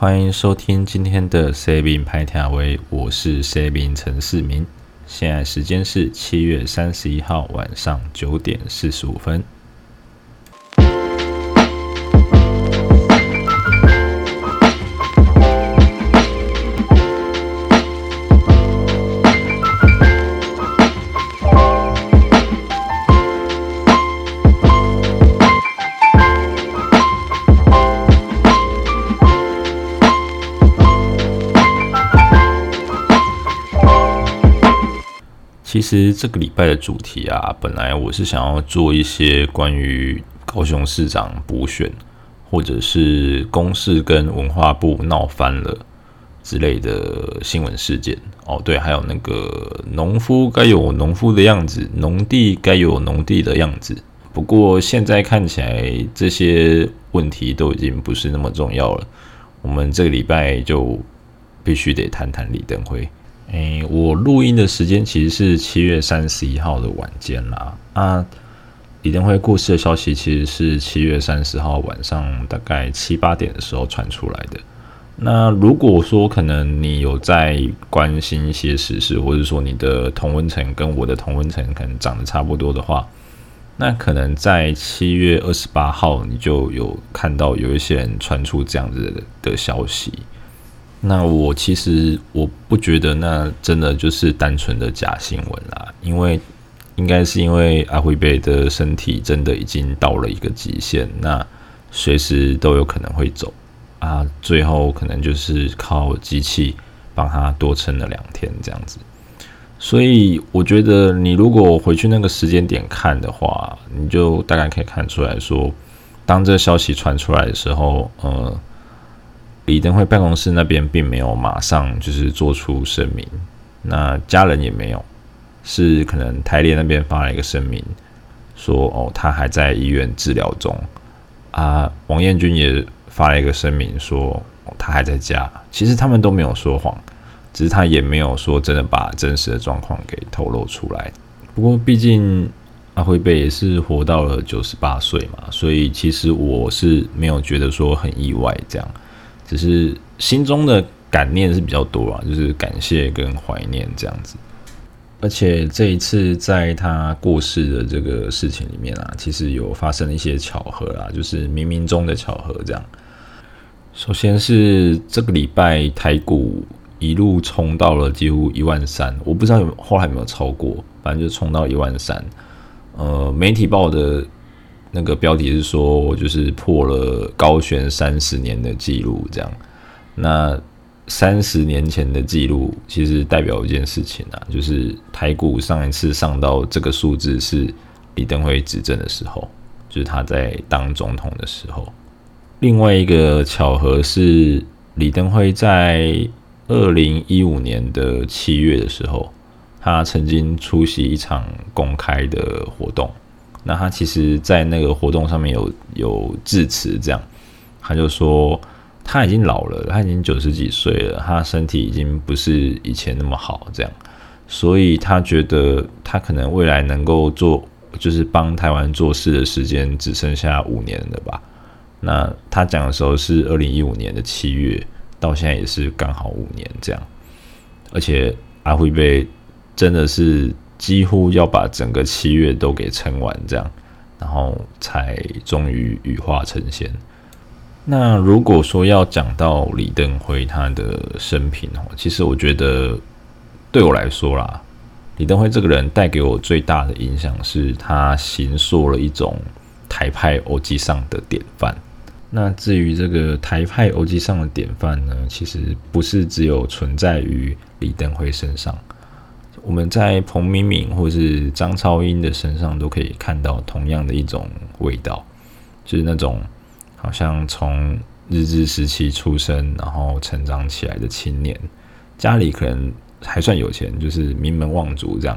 歡迎收聽今天的 Saving Python 為我是 Saving 陳世明，現在時間是七月三十一號晚上九點四十五分。其實這個禮拜的主題啊，本來我是想要做一些關於高雄市長補選，或者是公視跟文化部鬧翻了之類的新聞事件哦。對，還有那個農夫該有農夫的樣子，農地該有農地的樣子。不過現在看起來，這些問題都已經不是那麼重要了。我們這個禮拜就必須得談談李登輝。誒、欸，我錄音的時間其實是七月三十一號的晚間啦。啊，李登輝過世的消息其實是七月三十號晚上大概七八點的時候傳出來的。那如果說可能你有在關心一些時事，或者說你的同溫層跟我的同溫層可能長得差不多的話，那可能在七月二十八號你就有看到有一些人傳出這樣子的，的消息。那我其實我不覺得，那真的就是單純的假新聞啦，因為應該是因為阿輝伯的身體真的已經到了一個極限，那隨時都有可能會走啊，最後可能就是靠機器幫他多撐了兩天這樣子。所以我覺得，你如果回去那個時間點看的話，你就大概可以看出來說，當這消息傳出來的時候，呃。李登輝辦公室那邊並沒有馬上就是做出聲明，那家人也沒有，是可能台聯那邊發了一個聲明說，說哦他還在醫院治療中，啊王燕軍也發了一個聲明說、哦、他還在家，其實他們都沒有說謊，只是他也沒有說真的把真實的狀況給透露出來。不過畢竟阿輝伯也是活到了九十八歲嘛，所以其實我是沒有覺得說很意外這樣。只是心中的感念是比較多啊，就是感謝跟懷念這樣子。而且這一次在他過世的這個事情裡面啊，其實有發生一些巧合啊，就是冥冥中的巧合這樣。首先是這個禮拜台股一路衝到了幾乎一萬三，我不知道有，有後來有沒有超過，反正就衝到一萬三。呃，媒體報的。那個標題是說，就是破了高懸三十年的記錄，這樣。那三十年前的記錄，其實代表一件事情啊，就是台股上一次上到這個數字是李登輝執政的時候，就是他在當總統的時候。另外一個巧合是，李登輝在二零一五年的七月的時候，他曾經出席一場公開的活動。那他其實，在那個活動上面有有致辭，這樣，他就說他已經老了，他已經九十幾歲了，他身體已經不是以前那麼好，這樣，所以他覺得他可能未來能夠做，就是幫台灣做事的時間只剩下五年了吧。那他講的時候是二零一五年的七月，到現在也是剛好五年，這樣，而且阿輝伯真的是。幾乎要把整個七月都給撐完，這樣，然後才終於羽化成仙。那如果說要講到李登輝他的生平哦，其實我覺得對我來說啦，李登輝這個人帶給我最大的影響是他形塑了一種台派歐吉桑的典範。那至於這個台派歐吉桑的典範呢，其實不是只有存在於李登輝身上。我們在彭明敏或是張超英的身上都可以看到同樣的一種味道，就是那種好像從日治時期出生然後成長起來的青年，家裡可能還算有錢，就是名門望族這樣，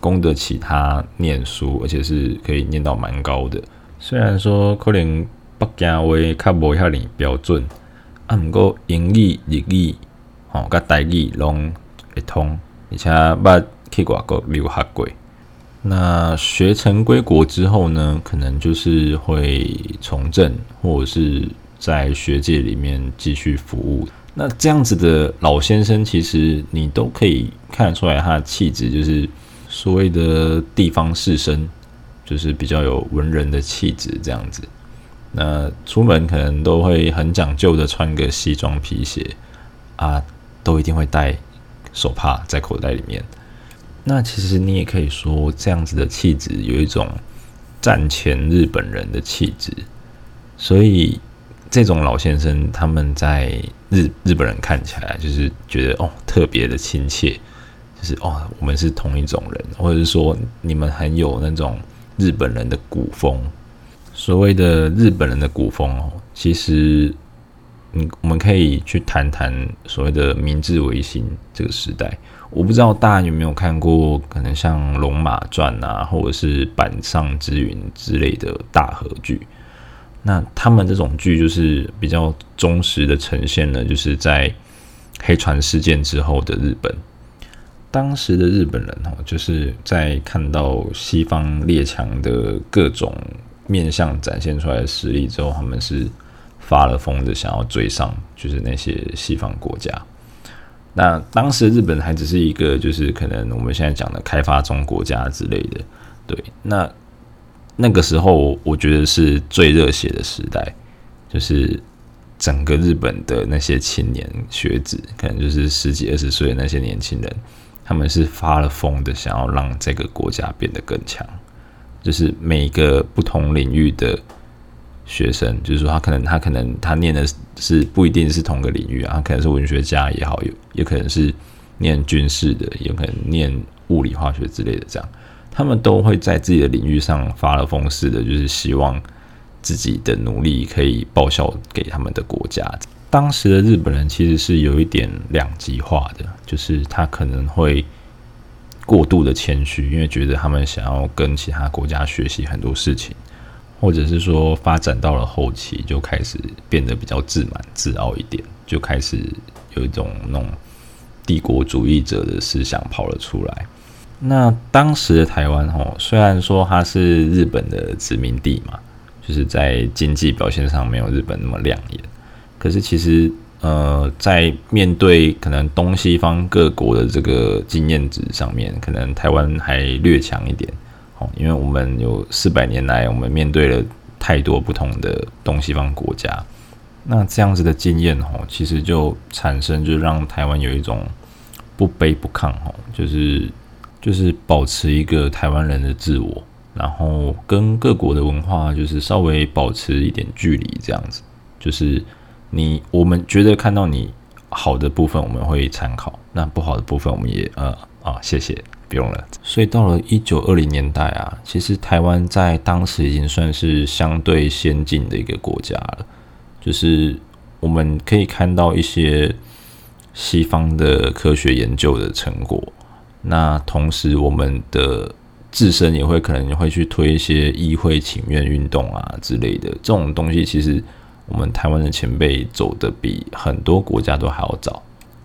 供得起他念書，而且是可以念到蠻高的。雖然說可能北京話較無遐爾標準，啊，不過英語、日語、吼、甲台語攏會通。而且把屁股搞得又黑。那學成歸國之後呢，可能就是會從政，或者是在學界裡面繼續服務。那這樣子的老先生，其實你都可以看得出來他的氣質，就是所謂的地方士紳，就是比較有文人的氣質這樣子。那出門可能都會很講究的穿個西裝皮鞋啊，都一定會帶。手帕在口袋裡面，那其實你也可以說這樣子的氣質有一種戰前日本人的氣質，所以這種老先生他們在日日本人看起來就是覺得哦，特別的親切，就是哦，我們是同一種人，或者是說你們很有那種日本人的古風，所謂的日本人的古風哦，其實。嗯，我們可以去談談所謂的明治維新這個時代。我不知道大家有沒有看過，可能像《龍馬傳》啊，或者是坂上之雲之類的大河劇。那他們這種劇就是比較忠實的呈現了，就是在黑船事件之後的日本，當時的日本人哦，就是在看到西方列強的各種面向展現出來的實力之後，他們是。發了瘋的想要追上，就是那些西方國家。那當時日本還只是一個，就是可能我們現在講的開發中國家之類的。對，那那個時候我，我覺得是最熱血的時代，就是整個日本的那些青年學子，可能就是十幾二十歲的那些年輕人，他們是發了瘋的想要讓這個國家變得更強，就是每一個不同領域的。學生就是說，他可能他可能他念的是不一定是同個領域啊，可能是文學家也好，有也可能是念軍事的，也可能念物理化學之類的。這樣，他們都會在自己的領域上發了瘋似的，就是希望自己的努力可以報效給他們的國家。當時的日本人其實是有一點兩極化的，就是他可能會過度的謙虛，因為覺得他們想要跟其他國家學習很多事情。或者是說發展到了後期就開始變得比較自滿、自傲一點，就開始有一種那種帝國主義者的思想跑了出來。那當時的台灣哦，雖然說它是日本的殖民地嘛，就是在經濟表現上沒有日本那麼亮眼，可是其實呃，在面對可能東西方各國的這個經驗值上面，可能台灣還略強一點。因為我們有四百年來，我們面對了太多不同的東西方國家，那這樣子的經驗吼，其實就產生就讓台灣有一種不卑不亢吼，就是就是保持一個台灣人的自我，然後跟各國的文化就是稍微保持一點距離，這樣子就是你，我們覺得看到你好的部分我們會參考，那不好的部分我們也呃啊，謝謝。不用了。所以到了一九二零年代啊，其實台灣在當時已經算是相對先進的一個國家了。就是我們可以看到一些西方的科學研究的成果，那同時我們的自身也會可能會去推一些議會請願運動啊之類的，這種東西其實我們台灣的前輩走的比很多國家都還要早。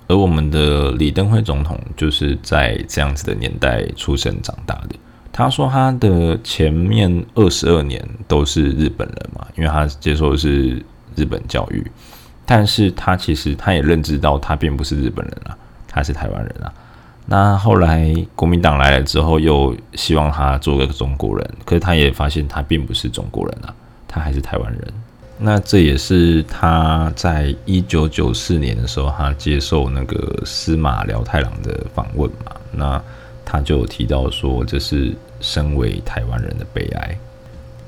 而我們的李登輝總統就是在這樣子的年代出生長大的。他說他的前面二十二年都是日本人嘛，因為他接受的是日本教育。但是他其實他也認知到他並不是日本人啊，他是台灣人啊。那後來國民黨來了之後，又希望他做個中國人，可是他也發現他並不是中國人啊，他還是台灣人。那這也是他在一九九四年的時候，他接受那個司馬遼太郎的訪問嘛。那他就提到說，這是身為台灣人的悲哀。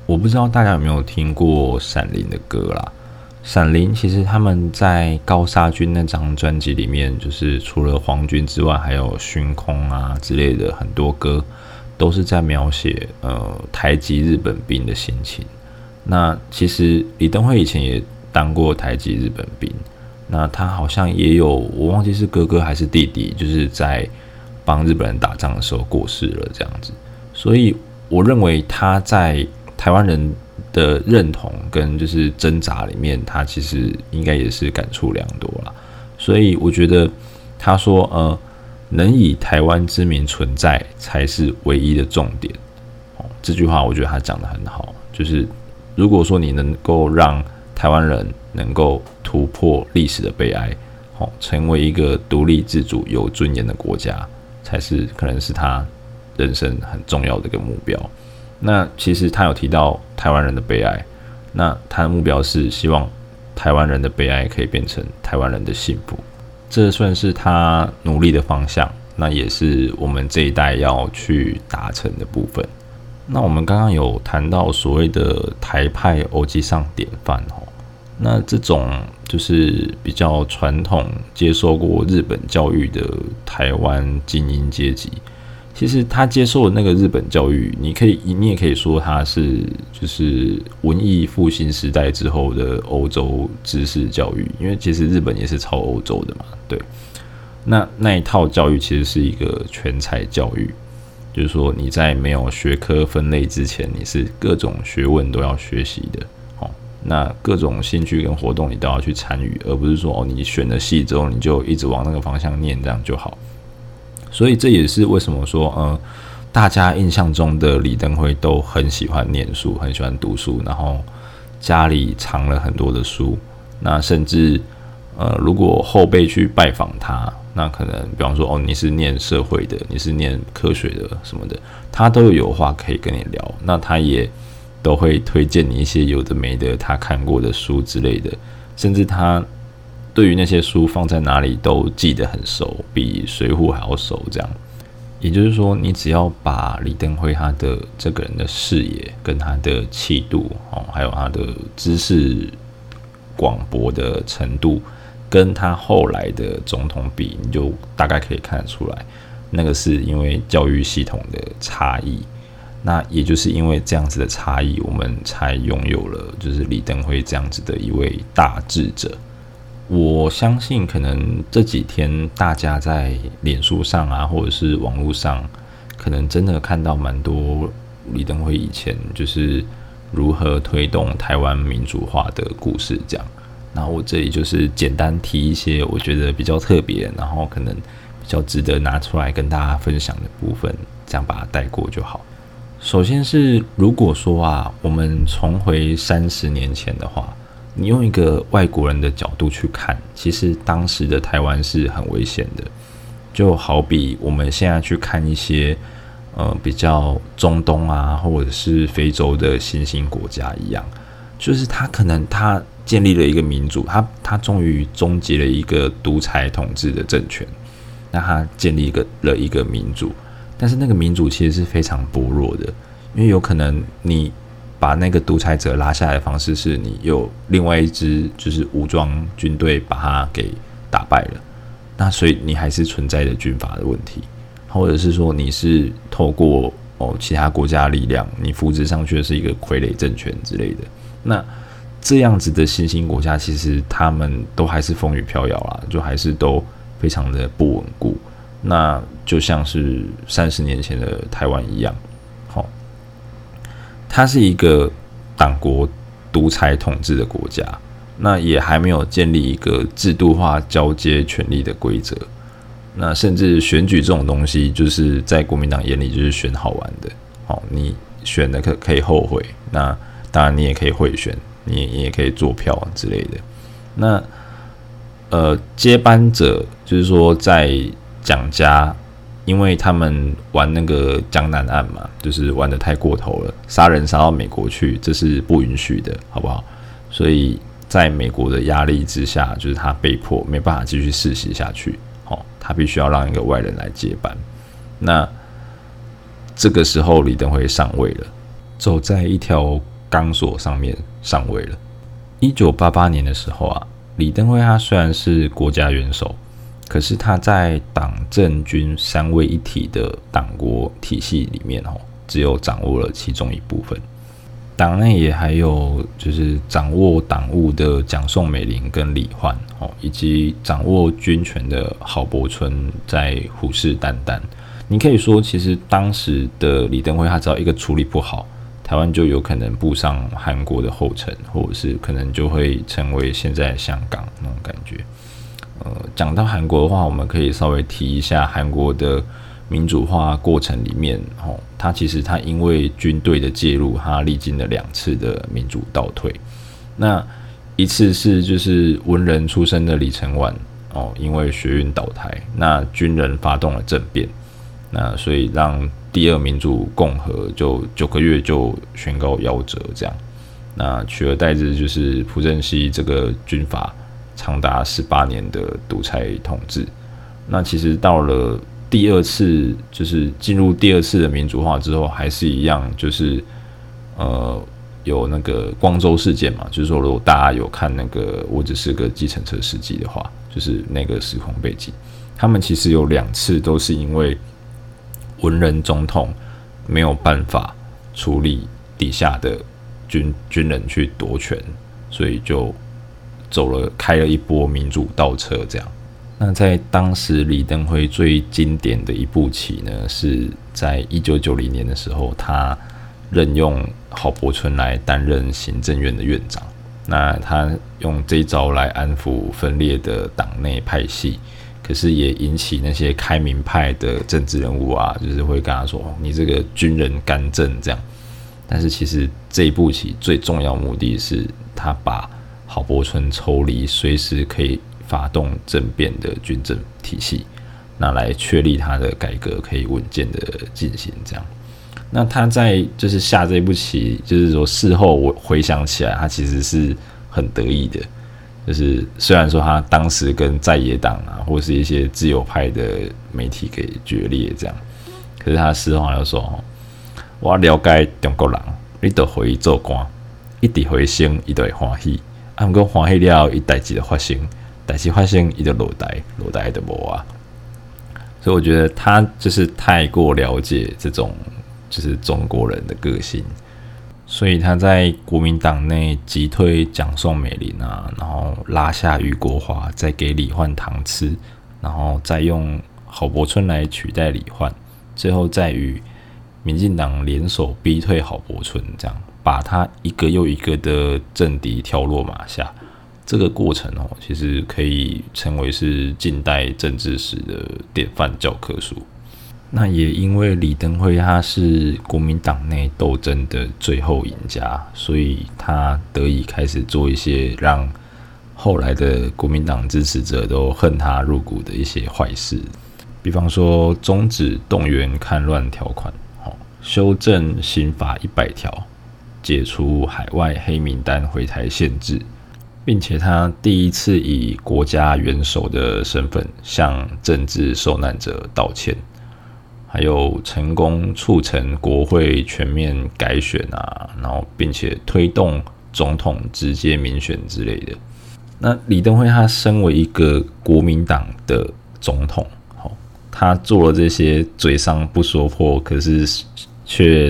我不知道大家有沒有聽過閃靈的歌啦？閃靈其實他們在高砂軍那張專輯裡面，就是除了皇軍之外，還有燻空啊之類的很多歌，都是在描寫呃台籍日本兵的心情。那其實李登輝以前也當過台籍日本兵，那他好像也有，我忘記是哥哥還是弟弟，就是在幫日本人打仗的時候過世了這樣子。所以我認為他在台灣人的認同跟就是掙扎裡面，他其實應該也是感觸良多了。所以我覺得他說呃，能以台灣之名存在才是唯一的重點。哦，這句話我覺得他講得很好，就是。如果說你能夠讓台灣人能夠突破歷史的悲哀，哦，成為一個獨立自主、有尊嚴的國家，才是可能是他人生很重要的一個目標。那其實他有提到台灣人的悲哀，那他的目標是希望台灣人的悲哀可以變成台灣人的幸福，這算是他努力的方向，那也是我們這一代要去達成的部分。那我們剛剛有談到所謂的台派歐吉桑典範哦，那這種就是比較傳統接受過日本教育的台灣精英階級，其實他接受的那個日本教育，你可以，你也可以說他是就是文藝復興時代之後的歐洲知識教育，因為其實日本也是抄歐洲的嘛，對。那那一套教育其實是一個全才教育。就是說，你在沒有學科分類之前，你是各種學問都要學習的，好、哦，那各種興趣跟活動你都要去參與，而不是說哦，你選了系之後你就一直往那個方向念，這樣就好。所以這也是為什麼說，嗯、呃，大家印象中的李登輝都很喜歡念書，很喜歡讀書，然後家裡藏了很多的書，那甚至呃，如果後輩去拜訪他。那可能，比方說，哦，你是念社會的，你是念科學的什麼的，他都有話可以跟你聊。那他也都會推薦你一些有的沒的他看過的書之類的，甚至他對於那些書放在哪裡都記得很熟，比水滸還要熟。這樣，也就是說，你只要把李登輝他的這個人的視野跟他的氣度哦，還有他的知識廣博的程度。跟他後來的總統比，你就大概可以看得出來，那個是因為教育系統的差異。那也就是因為這樣子的差異，我們才擁有了就是李登輝這樣子的一位大智者。我相信，可能這幾天大家在臉書上啊，或者是網絡上，可能真的看到蠻多李登輝以前就是如何推動台灣民主化的故事這樣。然後我這裡就是簡單提一些我覺得比較特別，然後可能比較值得拿出來跟大家分享的部分，這樣把它帶過就好。首先是如果說啊，我們重回三十年前的話，你用一個外國人的角度去看，其實當時的台灣是很危險的，就好比我們現在去看一些呃比較中東啊，或者是非洲的新興國家一樣，就是他可能他。建立了一個民主，他他終於終結了一個獨裁統治的政權，那他建立一個了一個民主，但是那個民主其實是非常薄弱的，因為有可能你把那個獨裁者拉下來的方式是你有另外一支就是武裝軍隊把他給打敗了，那所以你還是存在着軍閥的問題，或者是說你是透過哦其他國家的力量你扶植上去的是一個傀儡政權之類的，那。這樣子的新興國家，其實他們都還是風雨飄搖啦，就還是都非常的不穩固。那就像是三十年前的台灣一樣，好、哦，它是一個黨國獨裁統治的國家，那也還沒有建立一個制度化交接權力的規則。那甚至選舉這種東西，就是在國民黨眼裡就是選好玩的。好、哦，你選的可可以後悔，那當然你也可以賄選。你也可以做票啊，之類的，那呃，接班者就是說在蔣家，因為他們玩那個江南案嘛，就是玩得太過頭了，殺人殺到美國去，這是不允許的，好不好？所以在美國的壓力之下，就是他被迫沒辦法繼續世襲下去，哦，他必須要讓一個外人來接班。那這個時候李登輝上位了，走在一條鋼索上面上位了。一九八八年的時候啊，李登輝他雖然是國家元首，可是他在黨政軍三位一體的黨國體系裡面哦，只有掌握了其中一部分。黨內也還有就是掌握黨務的蔣宋美齡跟李煥哦，以及掌握軍權的郝柏村在虎視眈眈。你可以說，其實當時的李登輝他只要一個處理不好。台灣就有可能步上韓國的後塵，或者是可能就會成為現在香港那種感覺。呃，講到韓國的話，我們可以稍微提一下韓國的民主化過程裡面，哦，它其實它因為軍隊的介入，它歷經了兩次的民主倒退。那一次是就是文人出身的李承晚哦，因為學運倒台，那軍人發動了政變，那所以讓。第二民主共和就九個月就宣告夭折，這樣，那取而代之就是朴正熙這個軍閥長達十八年的獨裁統治。那其實到了第二次，就是進入第二次的民主化之後，還是一樣，就是呃，有那個光州事件嘛，就是說如果大家有看那個《我只是個計程車司機》的話，就是那個時空背景，他們其實有兩次都是因為。文人總統沒有辦法處理底下的軍軍人去奪權，所以就走了，開了一波民主倒車。這樣，那在當時李登輝最經典的一步棋呢，是在一九九零年的時候，他任用郝柏村來擔任行政院的院長。那他用這一招來安撫分裂的黨內派系。就是也引起那些開明派的政治人物啊，就是會跟他說，你這個軍人干政這樣。但是其實這一步棋最重要的目的是，他把郝柏村抽離隨時可以發動政變的軍政體系，那來確立他的改革可以穩健的進行這樣。那他在就是下這一步棋，就是說事後我回想起來，他其實是很得意的。就是雖然說他當時跟在野黨啊，或是一些自由派的媒體給決裂這樣，可是他實話就說、哦，我了解中國人，你都會做官，一直會升，一定會歡喜。啊，不過歡喜了以後，一代誌的發生，但是發生，伊就落台，落台的無啊。所以我覺得他就是太過了解這種，就是中國人的個性。所以他在國民黨內擊退蔣宋美齡啊，然後拉下俞國華，再給李煥糖吃，然後再用郝柏村來取代李煥，最後再與民進黨聯手逼退郝柏村，這樣把他一個又一個的政敵挑落馬下。這個過程哦，其實可以稱為是近代政治史的典範教科書。那也因為李登輝他是國民黨內鬥爭的最後贏家，所以他得以開始做一些讓後來的國民黨支持者都恨他入骨的一些壞事，比方說終止動員戡亂條款，哦，修正刑法一百條，解除海外黑名單回台限制，並且他第一次以國家元首的身份向政治受難者道歉。還有成功促成國會全面改選啊，然後並且推動總統直接民選之類的。那李登輝他身為一個國民黨的總統，好，他做了這些嘴上不說破，可是卻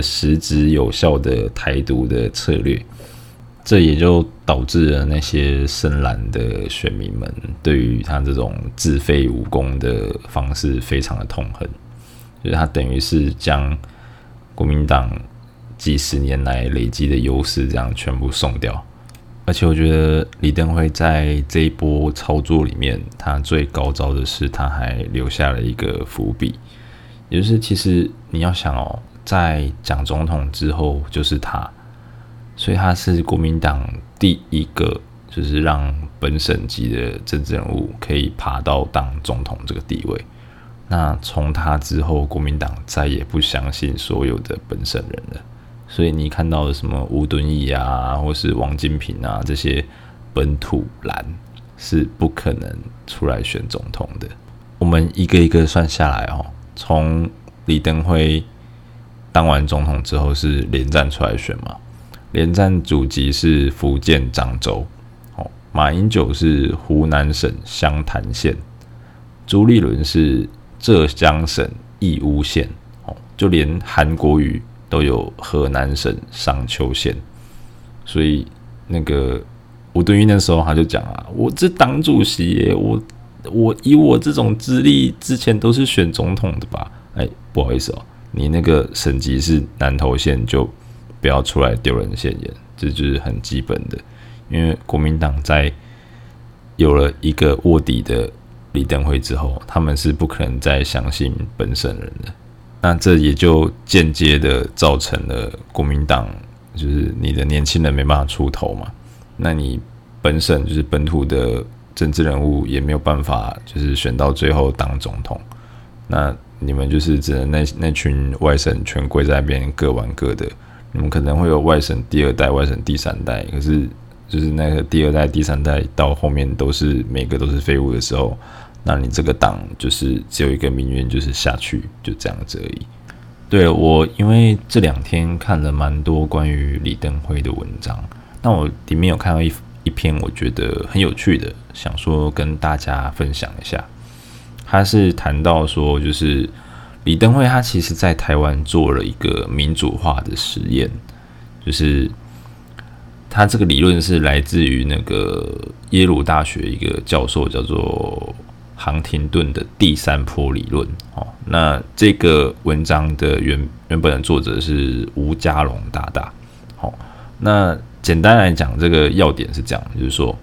實質有效的台獨的策略，這也就導致了那些深藍的選民們對於他這種自廢武功的方式非常的痛恨。就是他等於是將國民黨幾十年來累積的優勢這樣全部送掉，而且我覺得李登輝在這一波操作裡面，他最高招的是他還留下了一個伏筆，也就是其實你要想哦，在蔣總統之後就是他，所以他是國民黨第一個就是讓本省籍的政治人物可以爬到當總統這個地位。那從他之後，國民黨再也不相信所有的本省人了，所以你看到的什麼吳敦義啊，或是王金平啊這些本土藍是不可能出來選總統的。我們一個一個算下來哦，從李登輝當完總統之後是連戰出來選嘛？連戰祖籍是福建漳州，馬英九是湖南省湘潭縣，朱立倫是。浙江省義烏縣，哦，就連韓國瑜都有河南省商丘縣，所以那個吳敦義那時候他就講啊，我這黨主席，我我以我這種資歷，之前都是選總統的吧？哎，不好意思哦，喔，你那個省籍是南投縣，就不要出來丟人現眼，這就是很基本的。因為國民黨在有了一個臥底的。李登輝之後，他們是不可能再相信本省人的，那這也就間接的造成了國民黨，就是你的年輕人沒辦法出頭嘛，那你本省就是本土的政治人物也沒有辦法，就是選到最後當總統，那你們就是只能那那群外省全跪在那邊各玩各的，你們可能會有外省第二代、外省第三代，可是。就是那個第二代、第三代到後面都是每個都是廢物的時候，那你這個黨就是只有一個命運，就是下去，就這樣子而已。對了我，因為這兩天看了蠻多關於李登輝的文章，那我裡面有看到一一篇，我覺得很有趣的，想說跟大家分享一下。他是談到說，就是李登輝他其實在台灣做了一個民主化的實驗，就是。他這個理論是來自於那個耶魯大學一個教授，叫做杭廷頓的第三波理論。哦，那這個文章的原原本的作者是吳家龍大大。好，那簡單來講，這個要點是這樣，就是說，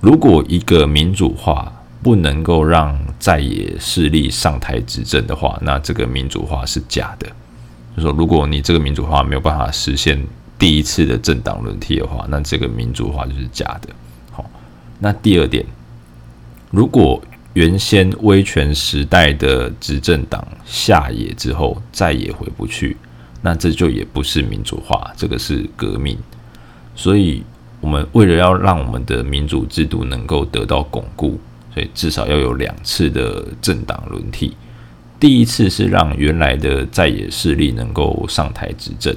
如果一個民主化不能夠讓在野勢力上台執政的話，那這個民主化是假的。就說，如果你這個民主化沒有辦法實現。第一次的政黨輪替的話，那這個民主化就是假的。好，那第二點，如果原先威權時代的執政黨下野之後再也回不去，那這就也不是民主化，這個是革命。所以我們為了要讓我們的民主制度能夠得到鞏固，所以至少要有兩次的政黨輪替。第一次是讓原來的在野勢力能夠上台執政。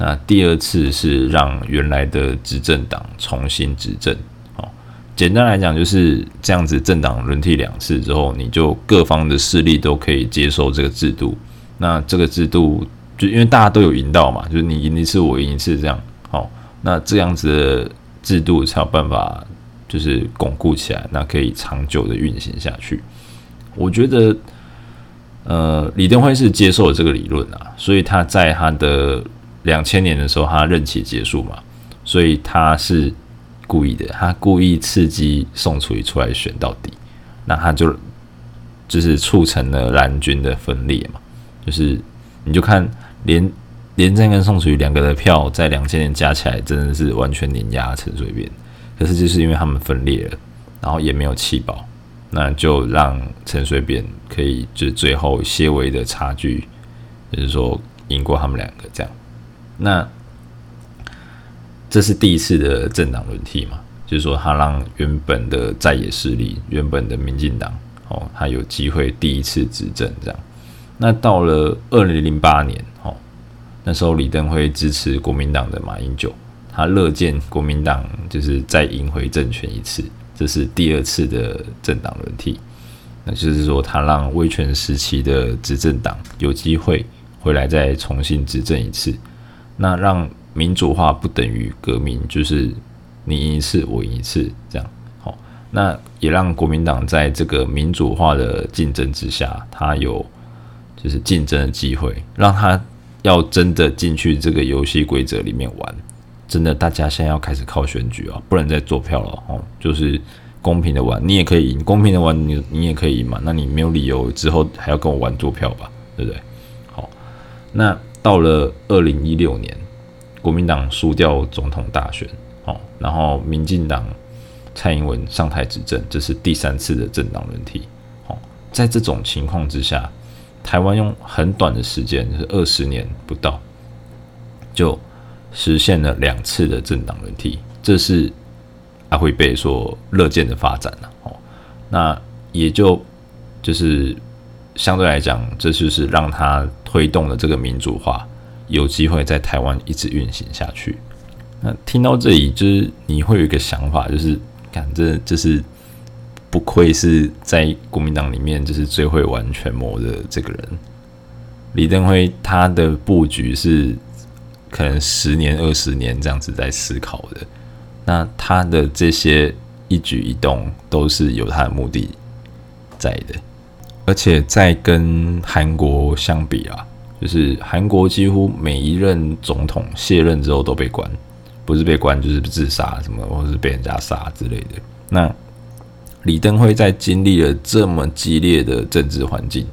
那第二次是讓原來的執政黨重新執政，哦，簡單來講就是這樣子，政黨輪替兩次之後，你就各方的勢力都可以接受這個制度。那這個制度就因為大家都有贏到嘛，就是你贏一次我贏一次這樣，好，那這樣子的制度才有辦法就是鞏固起來，那可以長久的運行下去。我覺得，呃，李登輝是接受了這個理論啊，所以他在他的。兩千年的時候，他任期結束嘛，所以他是故意的，他故意刺激宋楚瑜出來選到底，那他就就是促成了藍軍的分裂嘛，就是你就看連連戰跟宋楚瑜兩個的票在兩千年加起來，真的是完全碾壓陳水扁，可是就是因為他們分裂了，然後也沒有棄保，那就讓陳水扁可以就最後些微的差距，就是說贏過他們兩個這樣。那這是第一次的政黨輪替嘛，就是說，他讓原本的在野勢力，原本的民進黨，哦，他有機會第一次執政這樣。那到了二零零八年，哦，那時候李登輝支持國民黨的馬英九，他樂見國民黨就是再贏回政權一次。這是第二次的政黨輪替，那就是說，他讓威權時期的執政黨有機會回來再重新執政一次。那讓民主化不等於革命，就是你贏一次我贏一次這樣。好、哦，那也讓國民黨在這個民主化的競爭之下，他有就是競爭的機會，讓他要真的進去這個遊戲規則裡面玩。真的，大家現在要開始靠選舉啊、哦，不能再做票了哦，哦就是公平的玩，你也可以贏，公平的玩你你也可以贏嘛。那你沒有理由之後還要跟我玩做票吧？對不對？好、哦，那。到了二零一六年，國民黨輸掉總統大選，哦，然後民進黨蔡英文上台執政，這是第三次的政黨輪替，哦，在這種情況之下，台灣用很短的時間，就是二十年不到，就實現了兩次的政黨輪替，這是阿輝伯所樂見的發展了，哦，那也就就是相對來講，這就是讓他。推動了這個民主化，有機會在台灣一直運行下去。那聽到這裡，就是你會有一個想法，就是感覺就是不愧是在國民黨裡面就是最會玩權謀的這個人。李登輝他的布局是可能十年、二十年這樣子在思考的。那他的這些一舉一動都是有他的目的在的。而且在跟韓國相比啊，就是韓國幾乎每一任總統卸任之後都被關，不是被關就是自殺什麼，或是被人家殺之類的。那李登輝在經歷了這麼激烈的政治環境，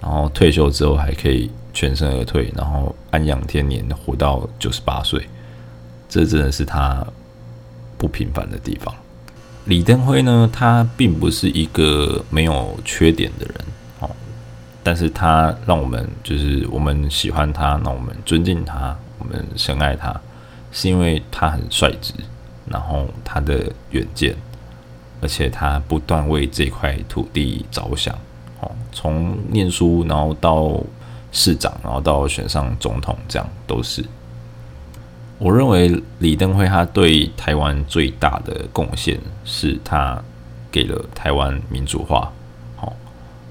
然後退休之後還可以全身而退，然後安養天年，活到九十八歲，這真的是他不平凡的地方。李登輝呢，他並不是一個沒有缺點的人哦，但是他讓我們就是我們喜歡他，讓我們尊敬他，我們深愛他，是因為他很率直，然後他的遠見，而且他不斷為這塊土地着想哦，從唸書然後到市長，然後到選上總統，這樣都是。我認為李登輝他對台灣最大的貢獻是，他給了台灣民主化，好，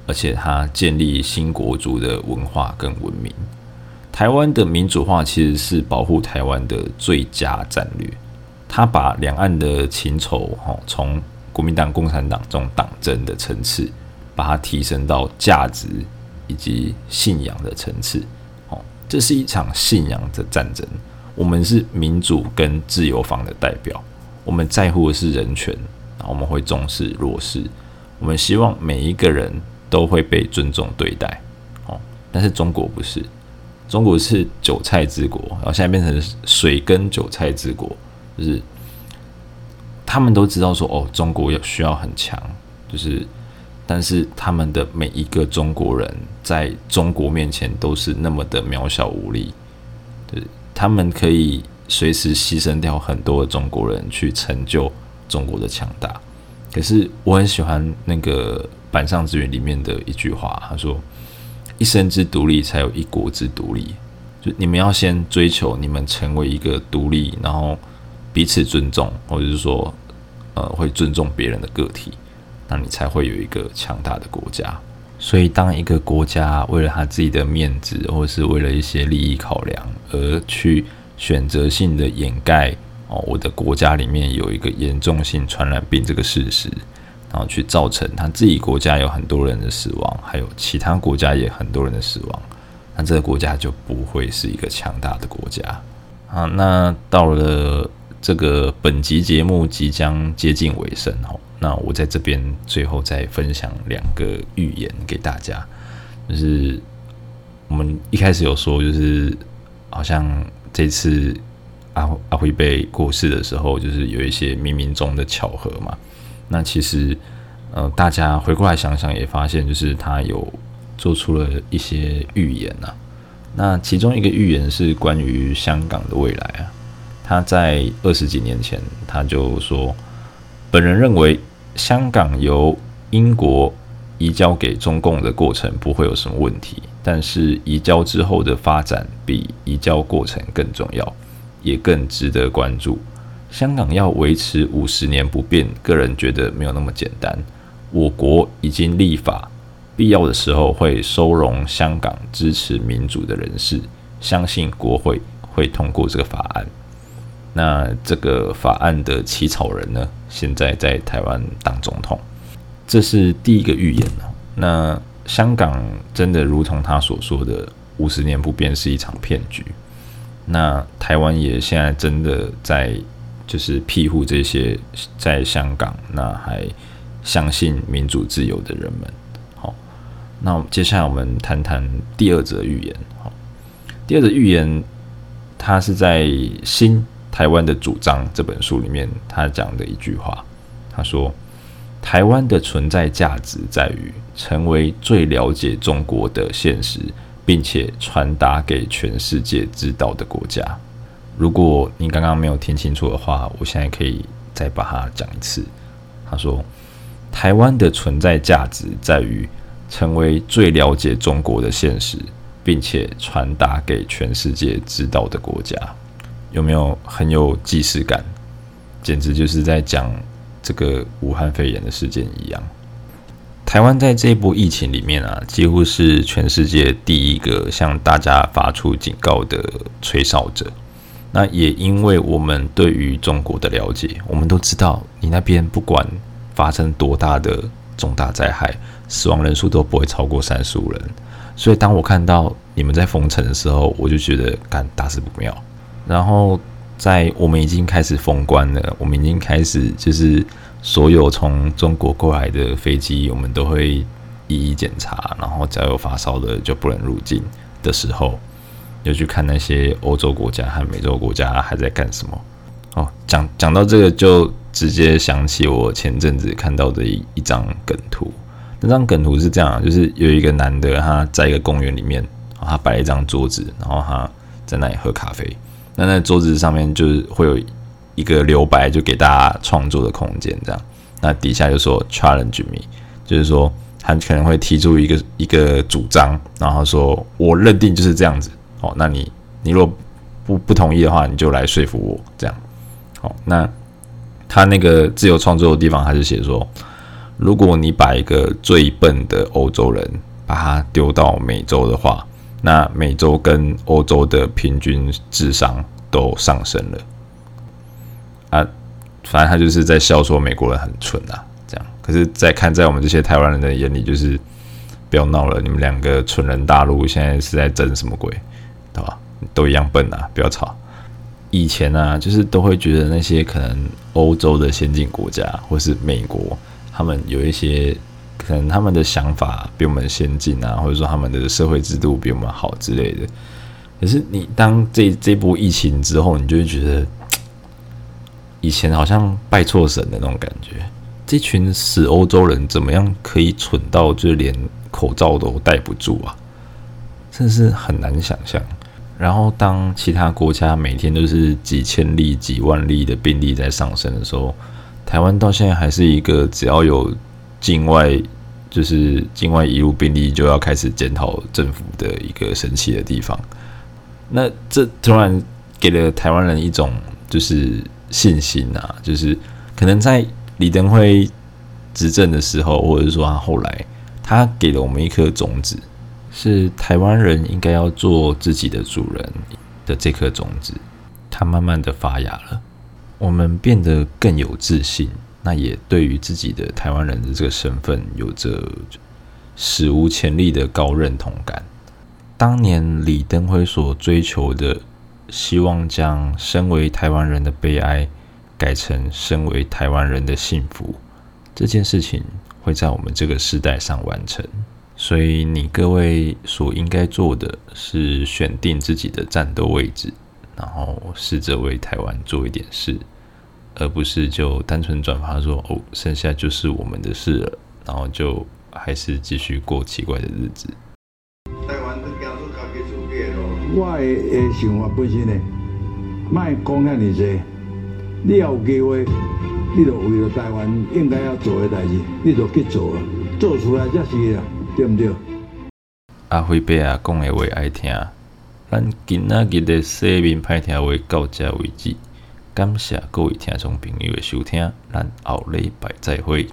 而且他建立新國族的文化跟文明。台灣的民主化其實是保護台灣的最佳戰略。他把兩岸的情仇，哈，從國民黨、共產黨這種黨爭的層次，把它提升到價值以及信仰的層次，好，這是一場信仰的戰爭。我們是民主跟自由方的代表，我們在乎的是人權，然後我們會重視弱勢，我們希望每一個人都會被尊重對待。哦，但是中國不是，中國是韭菜之國，然後現在變成水跟韭菜之國，就是他們都知道說，哦，中國要需要很強，就是，但是他們的每一個中國人在中國面前都是那麼的渺小無力。他們可以隨時犧牲掉很多的中國人去成就中國的強大，可是我很喜歡那個坂上之雲裡面的一句話，他說：“一生之獨立，才有一國之獨立。”就你們要先追求你們成為一個獨立，然後彼此尊重，或者是說，呃，會尊重別人的個體，那你才會有一個強大的國家。所以，當一個國家為了他自己的面子，或是為了一些利益考量而去選擇性的掩蓋哦，我的國家裡面有一個嚴重性傳染病這個事實，然後去造成他自己國家有很多人的死亡，還有其他國家也很多人的死亡，那這個國家就不會是一個強大的國家啊。那到了這個本集節目即將接近尾聲哦。那我在這邊最後再分享兩個預言給大家，就是我們一開始有說，就是好像這次阿阿輝伯過世的時候，就是有一些冥冥中的巧合嘛。那其實呃，大家回過來想想，也發現就是他有做出了一些預言吶、啊。那其中一個預言是關於香港的未來啊，他在二十幾年前他就說，本人認為。香港由英國移交給中共的過程不會有什麼問題，但是移交之後的發展比移交過程更重要，也更值得關注。香港要維持五十年不變，個人覺得沒有那麼簡單。我國已經立法，必要的時候會收容香港支持民主的人士，相信國會會通過這個法案。那這個法案的起草人呢，現在在台灣當總統，這是第一個預言。那香港真的如同他所說的，五十年不變是一場騙局。那台灣也現在真的在就是庇護這些在香港，那還相信民主自由的人們。好，那接下來我們談談第二則預言。好，第二則預言，它是在新，《台灣的主張》這本書裡面，他講的一句話，他說：“台灣的存在價值在於成為最了解中國的現實，並且傳達給全世界知道的國家。”如果你剛剛沒有聽清楚的話，我現在可以再把它講一次。他說：“台灣的存在價值在於成為最了解中國的現實，並且傳達給全世界知道的國家。”有沒有很有即視感？簡直就是在講這個武漢肺炎的事件一樣。台灣在這一波疫情裡面啊，幾乎是全世界第一個向大家發出警告的吹哨者。那也因為我們對於中國的了解，我們都知道你那邊不管發生多大的重大災害，死亡人數都不會超過三十五人。所以當我看到你們在封城的時候，我就覺得，幹，大事不妙。然後，在我們已經開始封關了，我們已經開始就是所有從中國過來的飛機，我們都會一一檢查。然後，只要有發燒的就不能入境的時候，又去看那些歐洲國家和美洲國家還在幹什麼。哦，講講到這個，就直接想起我前陣子看到的一一張梗圖。那張梗圖是這樣，就是有一個男的他在一個公園裡面，他擺了一張桌子，然後他在那裡喝咖啡。那在桌子上面就是會有一個留白，就給大家創作的空間，這樣。那底下就說 challenge me，就是說他可能會提出一個一個主張，然後說我認定就是這樣子哦。那你你如果不不同意的話，你就來說服我這樣。好，那他那個自由創作的地方，他就寫說，如果你把一個最笨的歐洲人把他丟到美洲的話。那美洲跟歐洲的平均智商都上升了，啊，反正他就是在笑說美國人很蠢啊，這樣。可是，在看在我們這些台灣人的眼裡，就是不要鬧了，你們兩個蠢人，大陸現在是在爭什麼鬼，對吧？都一樣笨啊，不要吵。以前呢，啊，就是都會覺得那些可能歐洲的先進國家，或是美國，他們有一些。可能他們的想法比我們先進啊，或者說他們的社會制度比我們好之類的。可是你當這這波疫情之後，你就會覺得以前好像拜錯神的那種感覺。這群死歐洲人怎麼樣可以蠢到就連口罩都戴不住啊？真是很難想象。然後當其他國家每天都是幾千例、幾萬例的病例在上升的時候，台灣到現在還是一個只要有。境外就是境外移入病例就要開始檢討政府的一個神奇的地方，那這突然給了台灣人一種就是信心啊，就是可能在李登輝執政的時候，或者說他後來，他給了我們一顆種子，是台灣人應該要做自己的主人的這顆種子，它慢慢的發芽了，我們變得更有自信。那也對於自己的台灣人的這個身份有着史無前例的高認同感。當年李登輝所追求的，希望將身為台灣人的悲哀改成身為台灣人的幸福，這件事情會在我們這個世代上完成。所以，你各位所應該做的是選定自己的戰鬥位置，然後試着為台灣做一點事。而不是就單純轉發說哦，剩下就是我們的事了，然後就還是繼續過奇怪的日子。台灣啊，欲交給恁喔！我的。我的想法本身呢，賣講遐尼濟，你也有機會，你著為了台灣應該要做的代志，你著去做了，做出來才是對不對？阿輝伯啊，講的話愛聽，咱今仔日的西敏派聽話到這為止。感謝各位聽眾朋友誒收聽，咱後禮拜再會。